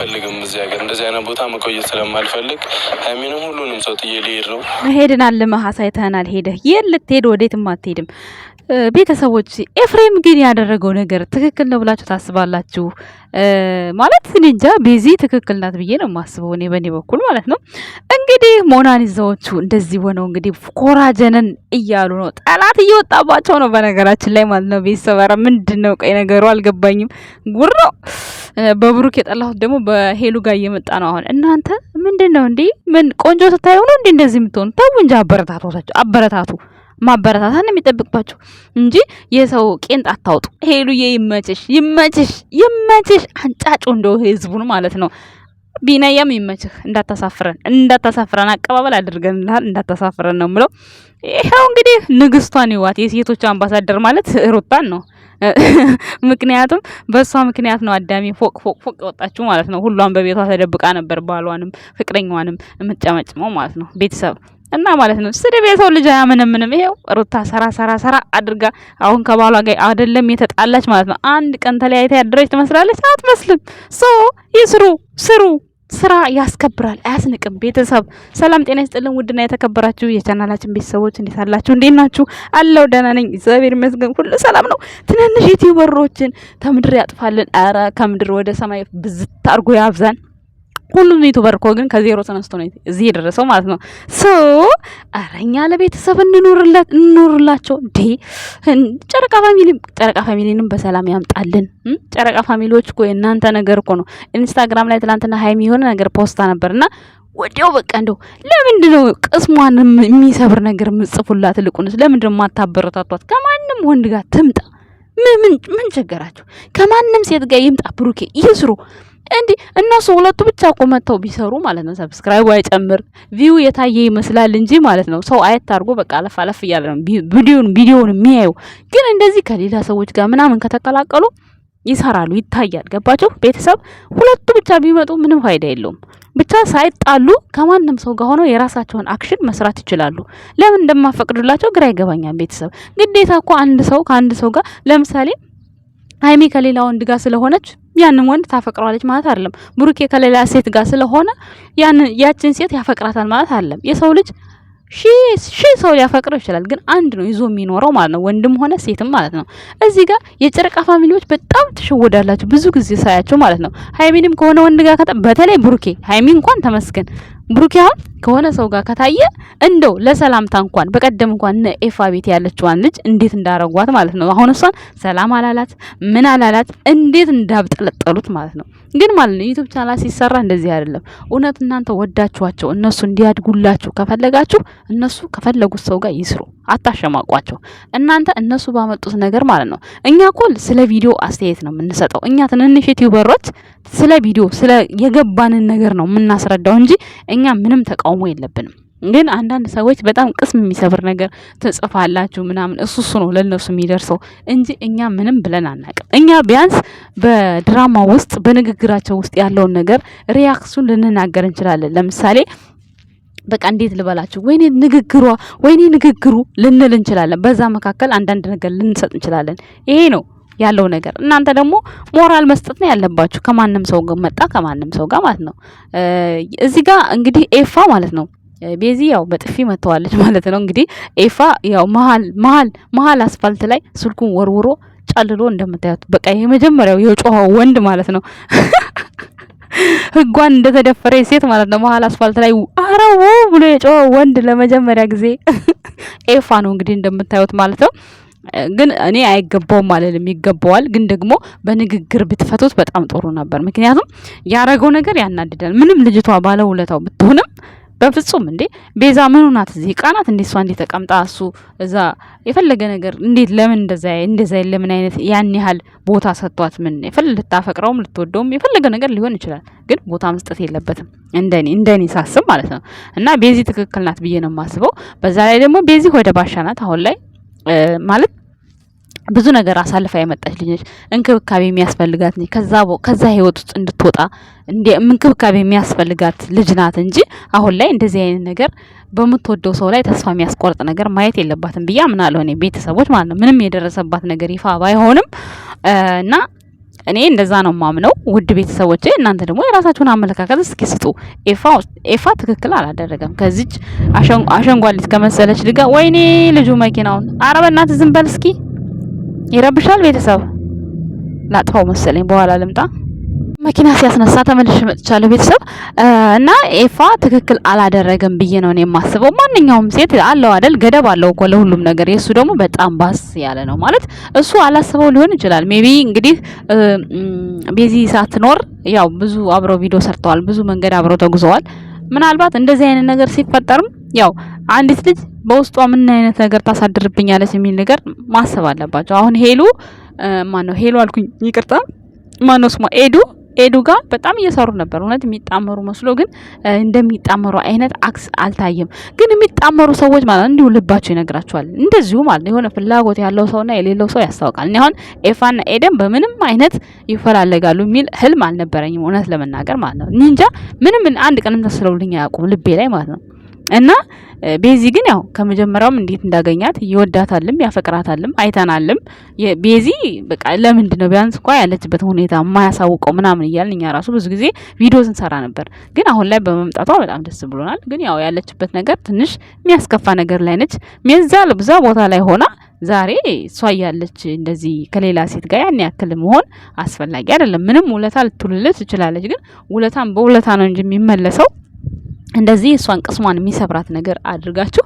ፈልግም እዚህ ሀገር እንደዚህ አይነት ቦታ መቆየት ስለማልፈልግ ሀይሚንም ሁሉንም ሰው ጥዬ ልሄድ ነው። መሄድን አልመህ አሳይተህናል። ሄደህ የት ልትሄድ ወዴትም አትሄድም። ቤተሰቦች ኤፍሬም ግን ያደረገው ነገር ትክክል ነው ብላችሁ ታስባላችሁ? ማለት እንጃ ቤዚ ትክክል ናት ብዬ ነው የማስበው እኔ በእኔ በኩል ማለት ነው። እንግዲህ ሞናሊዛዎቹ እንደዚህ ሆነው እንግዲህ ኮራጀንን እያሉ ነው። ጠላት እየወጣባቸው ነው በነገራችን ላይ ማለት ነው። ቤተሰበረ ምንድን ነው ቀይ ነገሩ አልገባኝም። ጉር ነው በብሩክ የጠላሁት ደግሞ በሄሉ ጋር እየመጣ ነው አሁን። እናንተ ምንድን ነው እንዴ? ምን ቆንጆ ስታዩ ነው እንዴ እንደዚህ የምትሆኑ? ተው እንጂ አበረታቶቻቸው አበረታቱ። ማበረታታት ነው የሚጠብቅባቸው እንጂ የሰው ቄንጥ አታውጡ። ሄሉዬ ይመችሽ፣ ይመችሽ፣ ይመችሽ። አንጫጩ እንደው ህዝቡን ማለት ነው። ቢናያም ይመችህ፣ እንዳታሳፍረን፣ እንዳታሳፍረን አቀባበል አድርገንልሃል፣ እንዳታሳፍረን ነው ምለው። ይኸው እንግዲህ ንግስቷን ይዋት። የሴቶች አምባሳደር ማለት ሩታን ነው። ምክንያቱም በእሷ ምክንያት ነው አዳሚ ፎቅ ፎቅ ፎቅ የወጣችሁ ማለት ነው። ሁሏን በቤቷ ተደብቃ ነበር ባሏንም ፍቅረኛዋንም የምትጨመጭመው ማለት ነው ቤተሰብ እና ማለት ነው ስድብ የሰው ልጅ አያምንምንም። ምንም ይሄው ሩታ ሰራ ሰራ ሰራ አድርጋ አሁን ከባሏ ጋር አይደለም የተጣላች ማለት ነው። አንድ ቀን ተለያይታ ያደረች ትመስላለች፣ አትመስልም። ሶ ይስሩ ስሩ ስራ ያስከብራል፣ አያስንቅም። ቤተሰብ ሰላም ጤና ይስጥልን። ውድና የተከበራችሁ የቻናላችን ቤተሰቦች እንዴት አላችሁ? እንዴት ናችሁ? አለው ደህና ነኝ፣ እግዚአብሔር ይመስገን፣ ሁሉ ሰላም ነው። ትንንሽ ዩቲዩበሮችን ከምድር ያጥፋልን። አረ ከምድር ወደ ሰማይ ብዝት አድርጎ ያብዛን። ሁሉም ዩቱበር እኮ ግን ከዜሮ ተነስቶ ነው እዚህ የደረሰው ማለት ነው። ሰው አረኛ ለቤተሰብ እንኖርላት እንኖርላቸው ዴ ጨረቃ ፋሚሊ ጨረቃ ፋሚሊንም በሰላም ያምጣልን። ጨረቃ ፋሚሊዎች እኮ የእናንተ ነገር እኮ ነው። ኢንስታግራም ላይ ትላንትና ሀይሚ የሆነ ነገር ፖስታ ነበርና ወዲያው በቃ እንደው ለምንድን ነው ቅስሟን የሚሰብር ነገር ምጽፉላት? ልቁንስ ለምንድን ነው የማታበረታቷት? ከማንም ወንድ ጋር ትምጣ፣ ምን ምን ቸገራቸው? ከማንም ሴት ጋር ይምጣ፣ ብሩኬ ይስሩ። እንዲህ እነሱ ሁለቱ ብቻ እኮ መጥተው ቢሰሩ ማለት ነው ሰብስክራይብ አይጨምር ቪው የታየ ይመስላል እንጂ ማለት ነው። ሰው አየት አድርጎ በቃ አለፍ አለፍ እያለ ነው ቪዲዮን ቪዲዮን የሚያዩ። ግን እንደዚህ ከሌላ ሰዎች ጋር ምናምን ከተቀላቀሉ ይሰራሉ፣ ይታያል። ገባችሁ? ቤተሰብ ሁለቱ ብቻ ቢመጡ ምንም ፋይዳ የለውም። ብቻ ሳይጣሉ ከማንም ሰው ጋር ሆነው የራሳቸውን አክሽን መስራት ይችላሉ። ለምን እንደማፈቅዱላቸው ግራ ይገባኛል። ቤተሰብ ግዴታ እኮ አንድ ሰው ከአንድ ሰው ጋር ለምሳሌ ሀይሚ ከሌላ ወንድ ጋር ስለሆነች ያንን ወንድ ታፈቅረዋለች ማለት አይደለም። ብሩኬ ከሌላ ሴት ጋር ስለሆነ ያን ያችን ሴት ያፈቅራታል ማለት አይደለም። የሰው ልጅ ሺ ሰው ሊያፈቅረው ይችላል፣ ግን አንድ ነው ይዞ የሚኖረው ማለት ነው፣ ወንድም ሆነ ሴትም ማለት ነው። እዚህ ጋር የጨረቃ ፋሚሊዎች በጣም ትሸወዳላችሁ ብዙ ጊዜ ሳያቸው ማለት ነው። ሀይሚንም ከሆነ ወንድ ጋር በተለይ ብሩኬ ሀይሚ እንኳን ተመስገን ብሩኬ አሁን ከሆነ ሰው ጋር ከታየ እንደው ለሰላምታ እንኳን በቀደም እንኳን ኤፋ ቤት ያለችዋን ልጅ እንዴት እንዳረጓት ማለት ነው። አሁን እሷን ሰላም አላላት ምን አላላት፣ እንዴት እንዳብጠለጠሉት ማለት ነው። ግን ማለት ነው ዩቲዩብ ቻናል ሲሰራ እንደዚህ አይደለም። እውነት እናንተ ወዳችኋቸው እነሱ እንዲያድጉላችሁ ከፈለጋችሁ እነሱ ከፈለጉት ሰው ጋር ይስሩ፣ አታሸማቋቸው። እናንተ እነሱ ባመጡት ነገር ማለት ነው። እኛ እኮ ስለ ቪዲዮ አስተያየት ነው የምንሰጠው። እኛ ትንንሽ ዩቲዩበሮች ስለ ቪዲዮ ስለ የገባንን ነገር ነው የምናስረዳው እንጂ እኛ ምንም ተቃውሞ የለብንም። ግን አንዳንድ ሰዎች በጣም ቅስም የሚሰብር ነገር ትጽፋላችሁ ምናምን፣ እሱ እሱ ነው ለእነሱ የሚደርሰው እንጂ እኛ ምንም ብለን አናቅም። እኛ ቢያንስ በድራማ ውስጥ በንግግራቸው ውስጥ ያለውን ነገር ሪያክሱን ልንናገር እንችላለን። ለምሳሌ በቃ እንዴት ልበላችሁ፣ ወይኔ ንግግሯ፣ ወይኔ ንግግሩ ልንል እንችላለን። በዛ መካከል አንዳንድ ነገር ልንሰጥ እንችላለን። ይሄ ነው ያለው ነገር። እናንተ ደግሞ ሞራል መስጠት ነው ያለባችሁ ከማንም ሰው መጣ ከማንም ሰው ጋር ማለት ነው። እዚህ ጋር እንግዲህ ኤፋ ማለት ነው ቤዚ ያው በጥፊ መተዋለች ማለት ነው። እንግዲህ ኤፋ ያው መሀል መሀል መሀል አስፋልት ላይ ስልኩን ወርውሮ ጨልሎ እንደምታዩት በቃ የመጀመሪያው የጮኸው ወንድ ማለት ነው ህጓን እንደተደፈረ ሴት ማለት ነው። መሀል አስፋልት ላይ አረው ብሎ የጮኸው ወንድ ለመጀመሪያ ጊዜ ኤፋ ነው እንግዲህ እንደምታዩት ማለት ነው። ግን እኔ አይገባውም አልልም፣ ይገባዋል። ግን ደግሞ በንግግር ብትፈቱት በጣም ጥሩ ነበር። ምክንያቱም ያረገው ነገር ያናድዳል። ምንም ልጅቷ ባለውለታው ብትሆንም በፍጹም እንዴ ቤዛ ምኑ ናት? እዚህ ቃናት እንዴ እሷ እንዴ ተቀምጣ እሱ እዛ የፈለገ ነገር እንዴት ለምን እንደዛ እንደዛ ለምን አይነት ያን ያህል ቦታ ሰጥቷት ምን ይፈል ልታፈቅረውም ልትወደውም የፈለገ ነገር ሊሆን ይችላል፣ ግን ቦታ መስጠት የለበትም እንደኔ እንደኔ ሳስብ ማለት ነው። እና ቤዚ ትክክል ናት ብዬ ነው የማስበው። በዛ ላይ ደግሞ ቤዚ ወደ ባሻ ናት አሁን ላይ ማለት ብዙ ነገር አሳልፋ የመጣች ልጅ ነች። እንክብካቤ የሚያስፈልጋት ነች። ከዛ ህይወት ውስጥ እንድትወጣ እንክብካቤ የሚያስፈልጋት ልጅ ናት እንጂ አሁን ላይ እንደዚህ አይነት ነገር በምትወደው ሰው ላይ ተስፋ የሚያስቆርጥ ነገር ማየት የለባትም ብዬ አምናለሁ። እኔ ቤተሰቦች ማለት ነው ምንም የደረሰባት ነገር ይፋ ባይሆንም እና እኔ እንደዛ ነው ማምነው። ውድ ቤተሰቦቼ እናንተ ደግሞ የራሳችሁን አመለካከት እስኪ ስጡ። ኤፋ ኤፋ ትክክል አላደረገም። ከዚች አሸንጓሊት ከመሰለች ልጋ ወይኔ ልጁ መኪናውን አረበናት ዝም በል እስኪ ይረብሻል። ቤተሰብ ላጥፋው መሰለኝ፣ በኋላ ልምጣ። መኪና ሲያስነሳ ተመልሼ መጥቻለሁ ቤተሰብ እና ኤፋ ትክክል አላደረገም ብዬ ነው የማስበው። ማንኛውም ሴት አለው አይደል ገደብ አለው እኮ ለሁሉም ነገር። የእሱ ደግሞ በጣም ባስ ያለ ነው ማለት እሱ አላስበው ሊሆን ይችላል። ሜቢ እንግዲህ በዚህ ሳትኖር ያው ብዙ አብረው ቪዲዮ ሰርተዋል፣ ብዙ መንገድ አብረው ተጉዘዋል። ምናልባት እንደዚህ አይነት ነገር ሲፈጠርም ያው አንዲት ልጅ በውስጧ ምን አይነት ነገር ታሳድርብኛለች የሚል ነገር ማሰብ አለባቸው። አሁን ሄሉ ማን ነው ሄሉ አልኩኝ፣ ይቅርታ ማን ነው ስሟ ኤዱ ኤዱ ጋር በጣም እየሰሩ ነበር። እውነት የሚጣመሩ መስሎ ግን እንደሚጣመሩ አይነት አክስ አልታየም። ግን የሚጣመሩ ሰዎች ማለት እንዲሁ ልባቸው ይነግራቸዋል። እንደዚሁ ማለት የሆነ ፍላጎት ያለው ሰውና የሌለው ሰው ያስታውቃል። እኔ አሁን ኤፋና ኤደን በምንም አይነት ይፈላለጋሉ የሚል ህልም አልነበረኝም እውነት ለመናገር ማለት ነው። እንጃ ምንም አንድ ቀንም ተስለውልኝ አያውቁም ልቤ ላይ ማለት ነው። እና ቤዚ ግን ያው ከመጀመሪያውም እንዴት እንዳገኛት ይወዳታልም ያፈቅራታልም አይተናልም። ቤዚ በቃ ለምንድን ነው ቢያንስ እንኳ ያለችበት ሁኔታ የማያሳውቀው ምናምን እያልን እኛ ራሱ ብዙ ጊዜ ቪዲዮ ስንሰራ ነበር። ግን አሁን ላይ በመምጣቷ በጣም ደስ ብሎናል። ግን ያው ያለችበት ነገር ትንሽ የሚያስከፋ ነገር ላይ ነች። ሚዛል ብዛ ቦታ ላይ ሆና ዛሬ እሷ እያለች እንደዚህ ከሌላ ሴት ጋር ያን ያክል መሆን አስፈላጊ አይደለም። ምንም ውለታ ልትውልልት ትችላለች፣ ግን ውለታን በውለታ ነው እንጂ የሚመለሰው እንደዚህ እሷን ቅስሟን የሚሰብራት ነገር አድርጋችሁ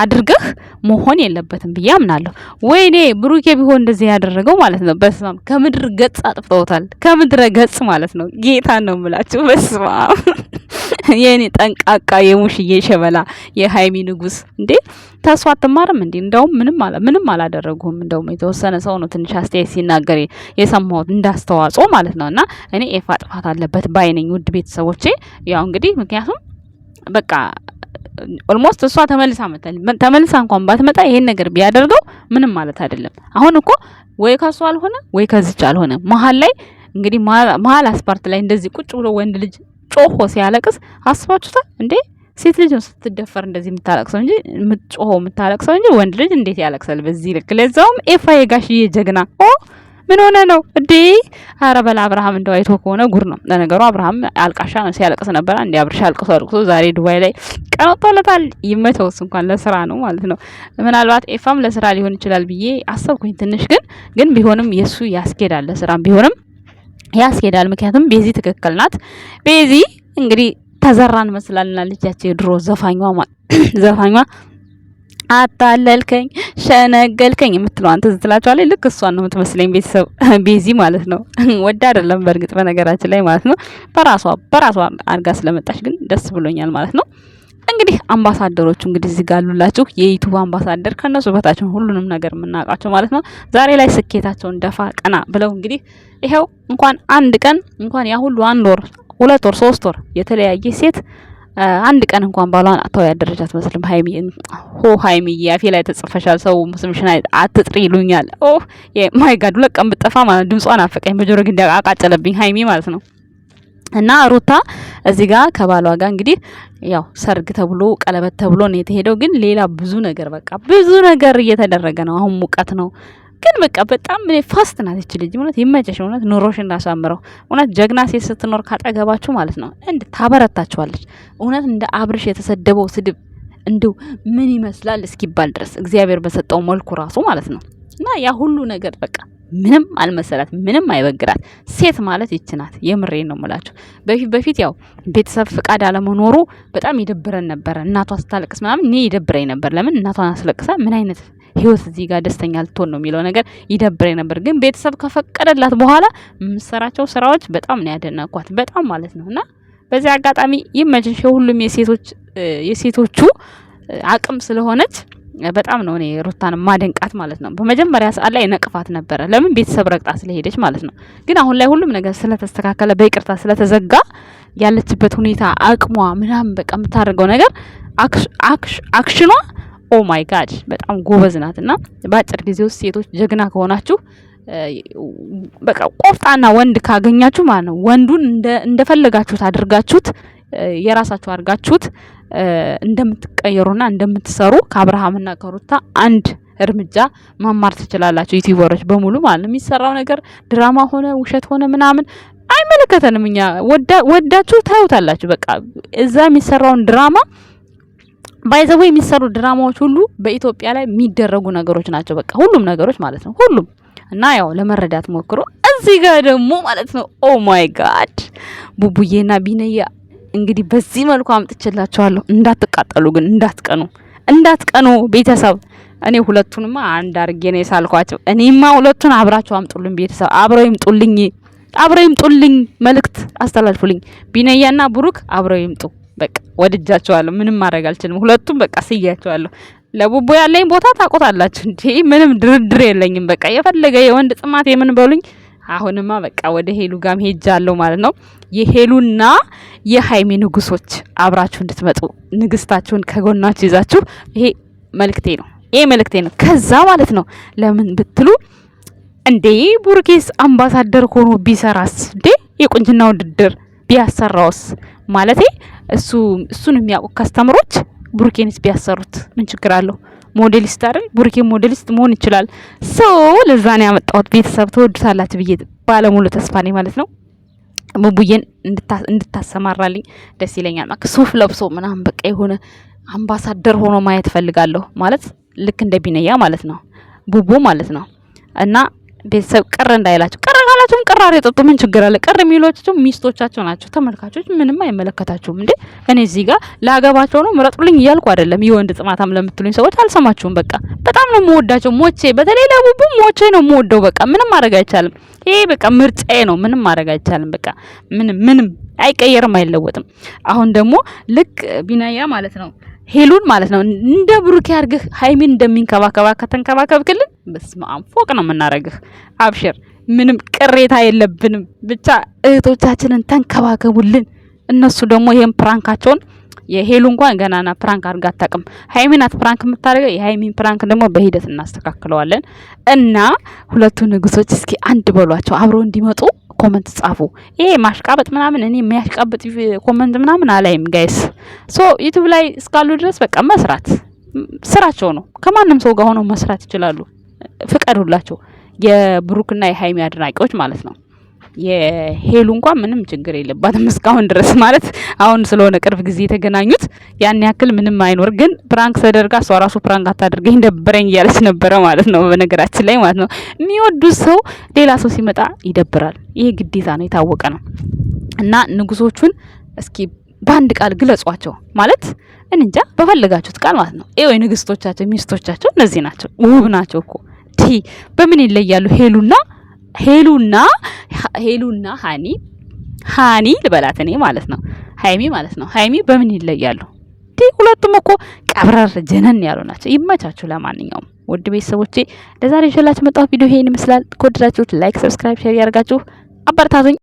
አድርገህ መሆን የለበትም ብዬ አምናለሁ። ወይኔ ብሩኬ ቢሆን እንደዚህ ያደረገው ማለት ነው። በስማም ከምድር ገጽ አጥፍተውታል። ከምድረ ገጽ ማለት ነው። ጌታ ነው የምላችሁ። በስማም የእኔ ጠንቃቃ የሙሽዬ ሸበላ የሀይሚ ንጉስ እንዴ ተስፋ አትማርም እንዴ? እንደውም ምንም አላ ምንም አላደረጉም። እንደውም የተወሰነ ሰው ነው ትንሽ አስተያየት ሲናገር የሰማሁት እንዳስተዋጽኦ ማለት እና እኔ ኤፋ ጥፋት አለበት ባይነኝ። ውድ ቤተሰቦቼ ያው እንግዲህ ምክንያቱም በቃ ኦልሞስት እሷ ተመልሳ መታል ተመልሳ እንኳን ባትመጣ ይሄን ነገር ቢያደርገው ምንም ማለት አይደለም። አሁን እኮ ወይ ከሷ አልሆነ ወይ ከዚች አልሆነ መሀል ላይ እንግዲህ መሀል አስፓርት ላይ እንደዚህ ቁጭ ብሎ ወንድ ልጅ ጮሆ ሲያለቅስ አስባችሁታል እንዴ? ሴት ልጅ ነው ስትደፈር እንደዚህ የምታለቅሰው እንጂ የምትጮሆ የምታለቅሰው እንጂ ወንድ ልጅ እንዴት ያለቅሳል በዚህ ልክ? ለዛውም ኤፋ የጋሽዬ ጀግና ኦ ምን ሆነ ነው እዴ? አረ በላ አብርሃም እንደው አይቶ ከሆነ ጉር ነው። ለነገሩ አብርሃም አልቃሻ ነው፣ ሲያለቅስ ነበር። አንዴ አብርሻ አልቅሶ አልቅሶ ዛሬ ዱባይ ላይ ቀነጦለታል። ይመተውስ እንኳን ለስራ ነው ማለት ነው። ምናልባት ኤፋም ለስራ ሊሆን ይችላል ብዬ አሰብኩኝ ትንሽ። ግን ግን ቢሆንም የሱ ያስኬዳል፣ ለስራም ቢሆንም ያስኬዳል። ምክንያቱም ቤዚ ትክክል ናት። ቤዚ እንግዲህ ተዘራን መስላልናለች ያቸው የድሮ ዘፋኟ ዘፋኟ አታለልከኝ፣ ሸነገልከኝ የምትለው አንተ ትዝ ልክ እሷን ነው የምትመስለኝ ቤተሰብ ቤዚ ማለት ነው። ወዳ አይደለም በእርግጥ በነገራችን ላይ ማለት ነው። በራሷ በራሷ አድጋ ስለመጣች ግን ደስ ብሎኛል ማለት ነው። እንግዲህ አምባሳደሮቹ እንግዲህ እዚህ ጋር አሉላችሁ። የዩቱብ አምባሳደር ከነሱ በታችን ሁሉንም ነገር የምናውቃቸው ማለት ነው። ዛሬ ላይ ስኬታቸውን ደፋ ቀና ብለው እንግዲህ ይኸው እንኳን አንድ ቀን እንኳን ያ ሁሉ አንድ ወር ሁለት ወር ሶስት ወር የተለያየ ሴት አንድ ቀን እንኳን ባሏን አጥተው ያደረጃ አትመስልም። ሀይሚ ሆ ሀይሚ ያፌ ላይ ተጽፈሻል፣ ሰው ስምሽን አትጥሪ ይሉኛል። ኦ ማይ ጋድ ሁለት ቀን ብጠፋ ማለት ድምጿን አፈቀኝ በጆሮ ግንዳ አቃጨለብኝ ሀይሚ ማለት ነው። እና ሩታ እዚህ ጋር ከባሏ ጋር እንግዲህ ያው ሰርግ ተብሎ ቀለበት ተብሎ ነው የተሄደው፣ ግን ሌላ ብዙ ነገር በቃ ብዙ ነገር እየተደረገ ነው። አሁን ሙቀት ነው ግን በቃ በጣም ፋስት ናት ይች ልጅ። እውነት ይመጨሽ፣ እውነት ኑሮሽ እንዳሳምረው። እውነት ጀግና ሴት ስትኖር ካጠገባችሁ ማለት ነው እንድ ታበረታችኋለች። እውነት እንደ አብርሽ የተሰደበው ስድብ እንዲሁ ምን ይመስላል እስኪባል ድረስ እግዚአብሔር በሰጠው መልኩ ራሱ ማለት ነው እና ያ ሁሉ ነገር በቃ ምንም አልመሰላት፣ ምንም አይበግራት። ሴት ማለት ይች ናት። የምሬ ነው የምላችሁ። በፊት በፊት ያው ቤተሰብ ፍቃድ አለመኖሩ በጣም ይደብረን ነበረ። እናቷ ስታለቅስ ምናምን እኔ ይደብረኝ ነበር። ለምን እናቷን አስለቅሳ ምን አይነት ህይወት እዚህ ጋር ደስተኛ ልትሆን ነው የሚለው ነገር ይደብረኝ ነበር። ግን ቤተሰብ ከፈቀደላት በኋላ የምሰራቸው ስራዎች በጣም ነው ያደነኳት፣ በጣም ማለት ነው። እና በዚህ አጋጣሚ ይመችሽ። የሁሉም የሴቶች የሴቶቹ አቅም ስለሆነች በጣም ነው እኔ ሩታን ማደንቃት ማለት ነው። በመጀመሪያ ሰዓት ላይ ነቅፋት ነበረ፣ ለምን ቤተሰብ ረግጣ ስለሄደች ማለት ነው። ግን አሁን ላይ ሁሉም ነገር ስለተስተካከለ በይቅርታ ስለተዘጋ ያለችበት ሁኔታ አቅሟ ምናምን በቃ የምታደርገው ነገር አክሽኗ ኦ ማይ ጋድ በጣም ጎበዝ ናት። እና በአጭር ጊዜ ውስጥ ሴቶች ጀግና ከሆናችሁ በቃ ቆፍጣና ወንድ ካገኛችሁ ማለት ነው ወንዱን እንደፈለጋችሁት አድርጋችሁት የራሳችሁ አድርጋችሁት እንደምትቀየሩና እንደምትሰሩ ከአብርሃምና ከሩታ አንድ እርምጃ መማር ትችላላችሁ። ዩቲዩበሮች በሙሉ ማለት ነው። የሚሰራው ነገር ድራማ ሆነ ውሸት ሆነ ምናምን አይመለከተንም። እኛ ወዳችሁ ታዩታላችሁ። በቃ እዛ የሚሰራውን ድራማ ባይዘቦ የሚሰሩ ድራማዎች ሁሉ በኢትዮጵያ ላይ የሚደረጉ ነገሮች ናቸው። በቃ ሁሉም ነገሮች ማለት ነው። ሁሉም እና ያው ለመረዳት ሞክሮ እዚህ ጋር ደግሞ ማለት ነው ኦ ማይ ጋድ ቡቡዬና ቢነያ እንግዲህ በዚህ መልኩ አምጥቼላችኋለሁ። እንዳትቃጠሉ ግን እንዳትቀኑ እንዳትቀኑ ቤተሰብ። እኔ ሁለቱንማ አንድ አርጌ ነው የሳልኳቸው። እኔማ ሁለቱን አብራችሁ አምጡልኝ ቤተሰብ፣ አብረው ይምጡልኝ፣ አብረው ይምጡልኝ፣ መልእክት አስተላልፉልኝ። ቢነያና ብሩክ አብረው ይምጡ። በቃ ወድጃቸዋለሁ። ምንም ማድረግ አልችልም። ሁለቱም በቃ ስያቸዋለሁ። ለቡቡ ያለኝ ቦታ ታቆታላችሁ እንዴ! ምንም ድርድር የለኝም። በቃ የፈለገ የወንድ ጥማት የምን በሉኝ አሁንማ በቃ ወደ ሄሉ ጋም ሄጃለሁ ማለት ነው። የሄሉና የሀይሜ ንጉሶች አብራችሁ እንድትመጡ ንግስታችሁን ከጎናችሁ ይዛችሁ ይሄ መልክቴ ነው። ይሄ መልክቴ ነው። ከዛ ማለት ነው ለምን ብትሉ እንዴ ቡርኬስ አምባሳደር ሆኖ ቢሰራስ እንዴ የቁንጅና ውድድር ቢያሰራውስ ማለቴ እሱ እሱን የሚያውቁ ከስተምሮች ቡርኬንስ ቢያሰሩት ምን ችግር አለው? ሞዴሊስት አይደል? ቡርኬ ሞዴሊስት መሆን ይችላል። ሰው ለዛ ነው ያመጣሁት። ቤተሰብ ተወዱታላችሁ ብዬ ባለሙሉ ተስፋ ነኝ ማለት ነው። ቡቡዬን እንድታሰማራልኝ ደስ ይለኛል። ማ ሱፍ ለብሶ ምናምን በቃ የሆነ አምባሳደር ሆኖ ማየት ፈልጋለሁ ማለት ልክ እንደ ቢነያ ማለት ነው ቡቡ ማለት ነው እና ቤተሰብ ቅር እንዳይላቸው። ቅር ካላቸውም ቅር የጠጡ ምን ችግር አለ? ቅር የሚሏቸው ሚስቶቻቸው ናቸው። ተመልካቾች ምንም አይመለከታችሁም እንዴ። እኔ እዚህ ጋር ላገባቸው ነው ምረጡልኝ እያልኩ አይደለም። የወንድ ጥማታም ለምትሉኝ ሰዎች አልሰማችሁም። በቃ በጣም ነው የምወዳቸው። ሞቼ በተለይ ለቡቡ ሞቼ ነው የምወደው። በቃ ምንም ማድረግ አይቻልም። ይሄ በቃ ምርጫዬ ነው። ምንም ማድረግ አይቻልም። በቃ ምንም ምንም አይቀየርም፣ አይለወጥም። አሁን ደግሞ ልክ ቢናያ ማለት ነው ሄሉን ማለት ነው እንደ ብሩኬ አርግህ ሀይሚን እንደሚንከባከባ ከተንከባከብክልን በስመ አብ ፎቅ ነው የምናረግህ። አብሽር ምንም ቅሬታ የለብንም። ብቻ እህቶቻችንን ተንከባከቡልን። እነሱ ደግሞ ይህን ፕራንካቸውን የሄሉ እንኳን ገናና ፕራንክ አድርጋ አታውቅም። ሀይሚ ፕራንክ የምታደርገው። የሀይሚን ፕራንክ ደግሞ በሂደት እናስተካክለዋለን እና ሁለቱ ንጉሶች እስኪ አንድ በሏቸው አብረው እንዲመጡ ኮመንት ጻፉ። ይሄ ማሽቃበጥ ምናምን እኔ የሚያሽቃበጥ ኮመንት ምናምን አላይም ጋይስ። ሶ ዩቲዩብ ላይ እስካሉ ድረስ በቃ መስራት ስራቸው ነው። ከማንም ሰው ጋር ሆነው መስራት ይችላሉ። ፍቀዱላቸው፣ የብሩክና የሀይሚ አድናቂዎች ማለት ነው። የሄሉ እንኳን ምንም ችግር የለባትም እስካሁን ድረስ ማለት አሁን ስለሆነ ቅርብ ጊዜ የተገናኙት ያን ያክል ምንም አይኖር፣ ግን ፕራንክ ተደርጋ እሷ ራሱ ፕራንክ አታድርገኝ ደብረኝ እያለች ነበረ ማለት ነው። በነገራችን ላይ ማለት ነው የሚወዱት ሰው ሌላ ሰው ሲመጣ ይደብራል። ይሄ ግዴታ ነው፣ የታወቀ ነው እና ንጉሶቹን እስኪ በአንድ ቃል ግለጿቸው ማለት እንጃ በፈለጋችሁት ቃል ማለት ነው። ይኸው የንግስቶቻቸው ሚስቶቻቸው እነዚህ ናቸው። ውብ ናቸው እኮ ቲ በምን ይለያሉ ሄሉና ሄሉና ሄሉና ሀኒ ሀኒ ልበላት እኔ ማለት ነው ሀይሚ ማለት ነው ሀይሚ በምን ይለያሉ? ሁለቱም እኮ ቀብረር ጀነን ያሉ ናቸው። ይመቻችሁ። ለማንኛውም ውድ ቤተሰቦቼ ለዛሬ ይዤላችሁ መጣሁ ቪዲዮ ይሄን ይመስላል። ከወደዳችሁት ላይክ፣ ሰብስክራይብ፣ ሼር ያደርጋችሁ አበረታቱኝ።